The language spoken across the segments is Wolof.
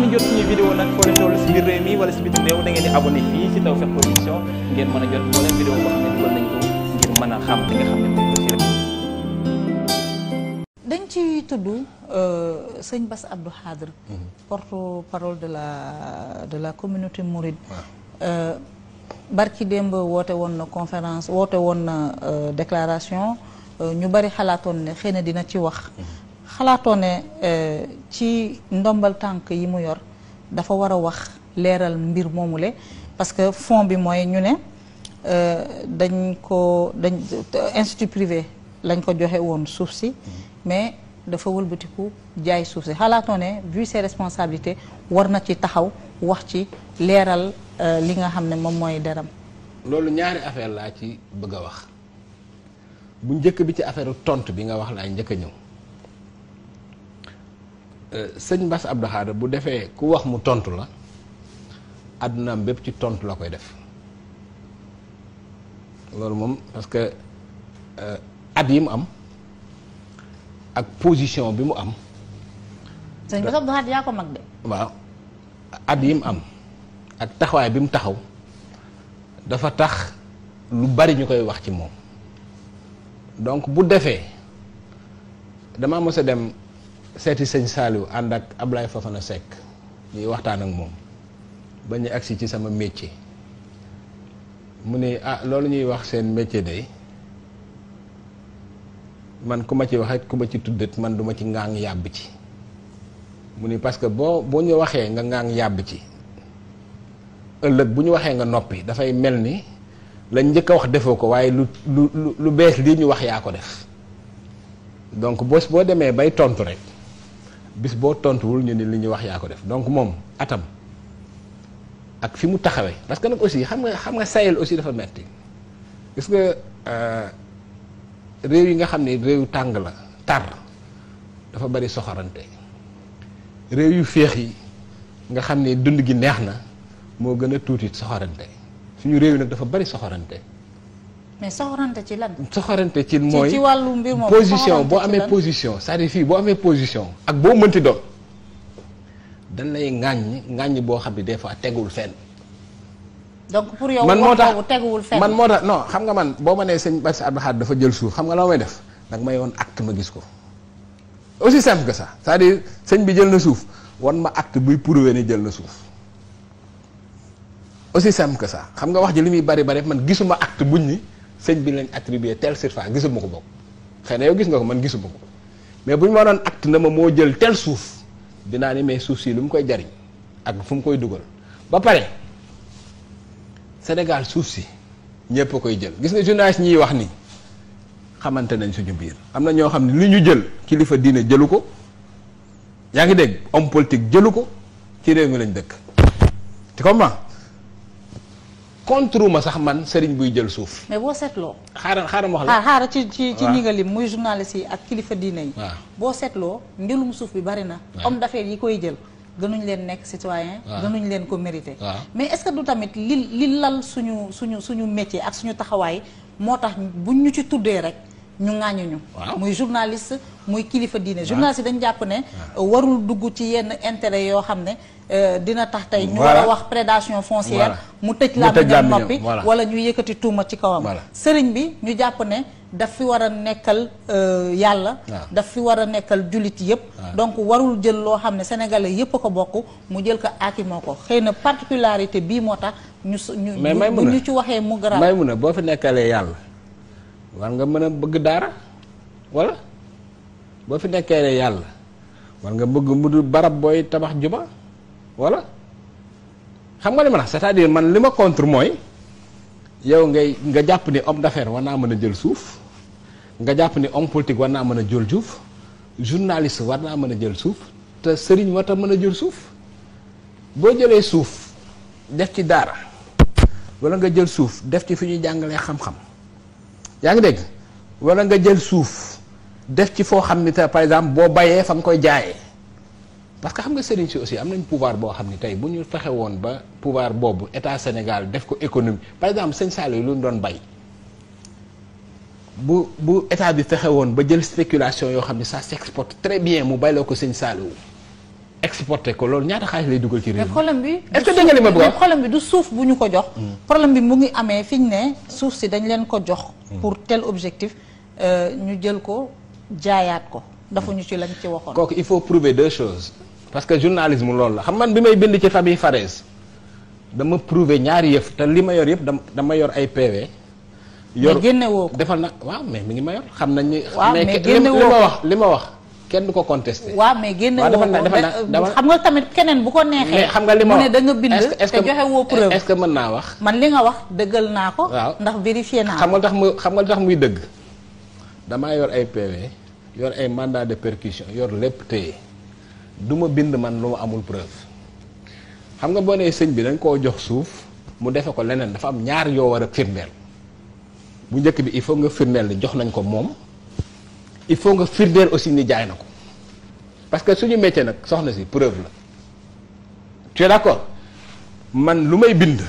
ngeen dañ ci tudd euh, sëñ bas Abdou Khadre mhm. porte-parole de la de la communauté mouride euh, barki démb woote woon na conférence woote woon na euh, déclaration ñu bari xalaatoon ne xëy na dina ci wax mhm. xalaatoo ne euh, ci ndombal tànk yi mu yor dafa war a wax leeral mbir moomule parce que fond bi mooy ñu ne euh, dañ ko dañ institut privé lañ ko joxe woon suuf si mais dafa wëlbatiku jaay suuf si xalaatoo ne vu ses war na ci taxaw wax ci leeral euh, li nga xam ne moom mooy deram loolu ñaari affaire laa ci bëgg a wax bu njëkk bi ci affaire tont bi nga wax laay njëkk a ñëw Euh, sëñ Bass Abdou Khadre bu defee ku wax mu tontu la àddunaam bépp ci tontu la koy def loolu moom parce que euh, at yi mu am ak position bi mu am. sëñ Bass Abdou Khadre yaa ko mag de. waaw at yi mu am ak taxawaay bi mu taxaw dafa tax lu bari ñu koy wax ci moom donc bu defee dama mës a dem. seeti sëñ Saliou ànd ak Ablaye na Seck ñuy waxtaan ak moom ba ñu agsi ci sama métier mu ne ah loolu ñuy wax seen métier day man ku ma ci wax ku ma ci tuddat man duma ci ngaang yàbb ci mu ni parce que boo boo ñu waxee nga ngaang yàbb ci ëllëg bu ñu waxee nga noppi dafay mel ni lañ njëkk wax defoo ko waaye lu lu lu bees lii ñu wax yaa ko def donc bos boo demee bay tontu rek bis boo tontuwul ñu ni li ñuy wax yaa ko def donc moom atam ak fi mu taxawee parce que nag aussi xam nga xam nga Sahel aussi dafa metti gis nga euh, réew yi nga xam ne réew tàng la tar dafa bari soxorante réew yu féex yi nga xam ne dund gi neex na moo gën a tuuti soxorante suñu réew yi nag dafa bari soxorante mais soxorante ci lan. soxorante ci mooy ci wàllu mbir moom position boo amee position cest à fii boo amee position ak boo mënti doon dañ na ŋàññ ŋàññ boo xam ne des fois teguwul fenn. donc pour yow man moo tax teguwul fenn man moo tax non xam nga man boo ma nee sëñ Bass Abdou xaar dafa jël suuf xam nga la may def nag may woon acte ma gis ko. aussi simple que sax c'est-à-dire sëñ bi jël na suuf wan ma act buy prouver ni jël na suuf. aussi simple que sax xam nga wax ji li muy bari bari man gisuma acte buñ ni. sëñ bi lañ attribué telle surface gisuma ko bokk xëy na yow gis nga ko man gisuma ko mais bu ñu ma doon acte na ma moo jël tell suuf dinaa ne mais suuf si lu mu koy jariñ ak fu mu koy dugal ba pare Sénégal suuf si ñëpp a koy jël gis nga journaliste ñiy wax ni xamante nañ suñu biir am na ñoo xam ne lu ñu jël kilifa diine jëlu ko yaa ngi dégg homme politique jëlu ko ci réew mi lañ dëkk tu contre ma sax man sëriñ buy jël suuf. mais boo seetloo. xaaral xaaral la xaaral ci ci ci ñi nga lim muy journaliste yi ak kilifa diine yi. boo seetloo njëlum suuf bi bari na. homme d'affaires yi koy jël. gënuñu leen nekk citoyen gënuñ leen ko mérité. mais est-ce que du tamit li li lal suñu suñu suñu métier ak suñu taxawaay moo tax bu ñu ci tuddee rek. ñu ŋàññu ñu muy journaliste muy kilifa diine journaliste dañ jàpp ne ah. warul dugg ci yenn intérêt yoo xam ne euh, dina tax tey ñu war a wax prédation foncière mu tëj làmmiñam noppi wala ñu yëkkati tuuma ci kawam sëriñ bi ñu jàpp ne daf fi war a nekkal euh, yàlla daf fi war a nekkal jullit yëpp donc warul jël loo xam ne sénégalais yëpp a ko bokk mu jël ko aakimoo ko xëy na particularité bii moo tax ñu ñu ñu ci waxee mu garab may mun a boo fi nekkalee yàlla war nga mën a bëgg daara wala boo fi nekkee ne yàlla war nga bëgg mu dul barab booy tabax juma wala xam nga li ma la c'est-à-dire man li ma contre mooy yow ngay nga jàpp ni homme d'affaires war naa mën a jël suuf nga jàpp ni homme war naa mën a jël suuf journaliste war naa mën a jël suuf te sëriñ war ta mën a jël suuf boo jëlee suuf def ci daara wala nga jël suuf def ci fi ñuy jàngalee xam-xam yaa ngi dégg wala nga jël suuf def ci foo xam ni te par exemple boo bayee fa nga koy jaayee parce que xam nga sëriñ si aussi am nañ pouvoir boo xam ni tey bu ñu fexe woon ba pouvoir boobu état Sénégal def ko économie par exemple sëñ Saliou lu ñu doon bay bu bu état bi fexe woon ba jël spéculation yoo xam ni ça s'exporte très bien mu bayloo ko sëñ Saliou exporté ko loolu ñaata xaalis lay dugal ci réew mi. problème bi est-ce que dégg nga li ma bëgg a problème du suuf bu ñu ko jox. Hmm. problème bi mu ngi amee fi ñu ne suuf si dañ leen ko jox. Hmm. pour tel objectif euh, ñu jël ko jaayaat ko. dafa ñu ci lañ ci waxoon. kooku il faut prouver deux choses parce que journalisme loolu la xam man bi may bind ci famille Fares dama prouver ñaari yëf te li ma yor yëpp dama yor ay PV. yor génne woo ko defal nag waaw mais mi ngi ma yor xam nañ ni. mais génne woo ko li ma wax li ma wax. kenn du ko contesté. waaw mais génne woo ko euh, xam nga tamit keneen bu ko neexee. xam nga li ma wax mu ne da nga woo preuve est-ce que mën wax. man li nga wax dëggal naa ko. waaw ndax vérifié naa ko. xam nga tax muy xam nga tax muy dëgg damaa yor ay PV yor ay mandat de perquisition yor lépp téye duma bind man lu ma amul preuve xam nga boo nee sëñ bi dañ koo jox suuf mu defe ko leneen dafa am ñaar yoo war a firndeel bu njëkk bi il faut nga firndeel ni jox nañ ko moom. il faut nga firndeel aussi ni jaay na ko parce que suñu métier nag soxna si preuve la tu d'accord man lu may bind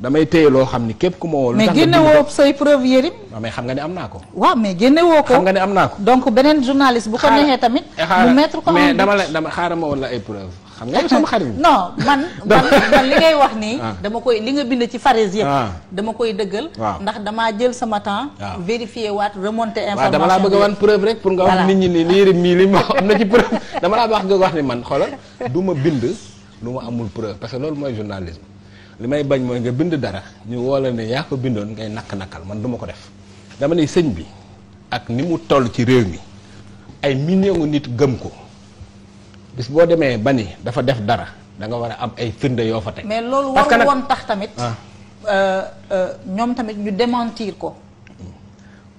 damay téye loo xam ni képp ku ma woo. mais génne woo say preuve ah, nga ne am naa ko. waaw mais génne woo ko xam nga ne am naa ko. donc beneen journaliste bu ko neexee tamit. mu mettre ko mais dama la dama xaaral ma woon la ay preuve xam nga sama xarit non man man man li ngay wax nii ah. dama koy li nga bind ci Fares yëpp ah. dama koy dëggal ndax damaa jël sama temps ah. vérifier waat remonter information dama laa bëgg a wan rek pour nga wax nit ñi ni lii mii li ma am na ci preuve dama laa wax nga wax ni man xoolal du ma bind lu ma amul preuve parce que loolu mooy journalisme li may bañ mooy nga bind dara ñu woola ne yaa ko bindoon ngay nakk-nakkal man du ma ko def dama ne sëñ bi ak ni mu toll ci réew mi ay millions nit gëm ko bis boo demee ba ni dafa def dara da nga war a am ay firnde yoo fa teg. mais loolu warul woon tax tamit. Ah. Euh, euh, ñoom tamit ñu démentir ko. Hmm.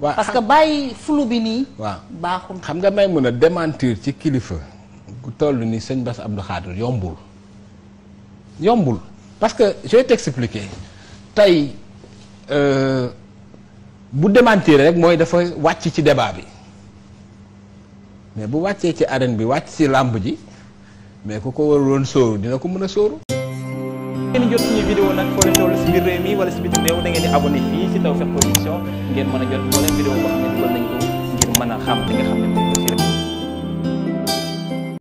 waaw parce que bàyyi flou bi nii. waaw baaxul. xam nga may mën a démentir ci kilifa ku toll ni sëñ Bass Abdou Khadre yombul yombul parce que je vais t'expliquer tey euh, bu démentir rek mooy dafa wàcc ci débat bi mais bu wàccee ci arène bi wàcc ci làmb ji mais ku ko waruloon sóoru dina ko mën a sóoru. ngeen jot suñu vidéo nag foo leen toll si biir réew mi wala si biti réew ngeen di abonné fii si Tawfekh Production ngeen mën a jot moo leen vidéo boo xam ne dugal nañ ko ngir mën a xam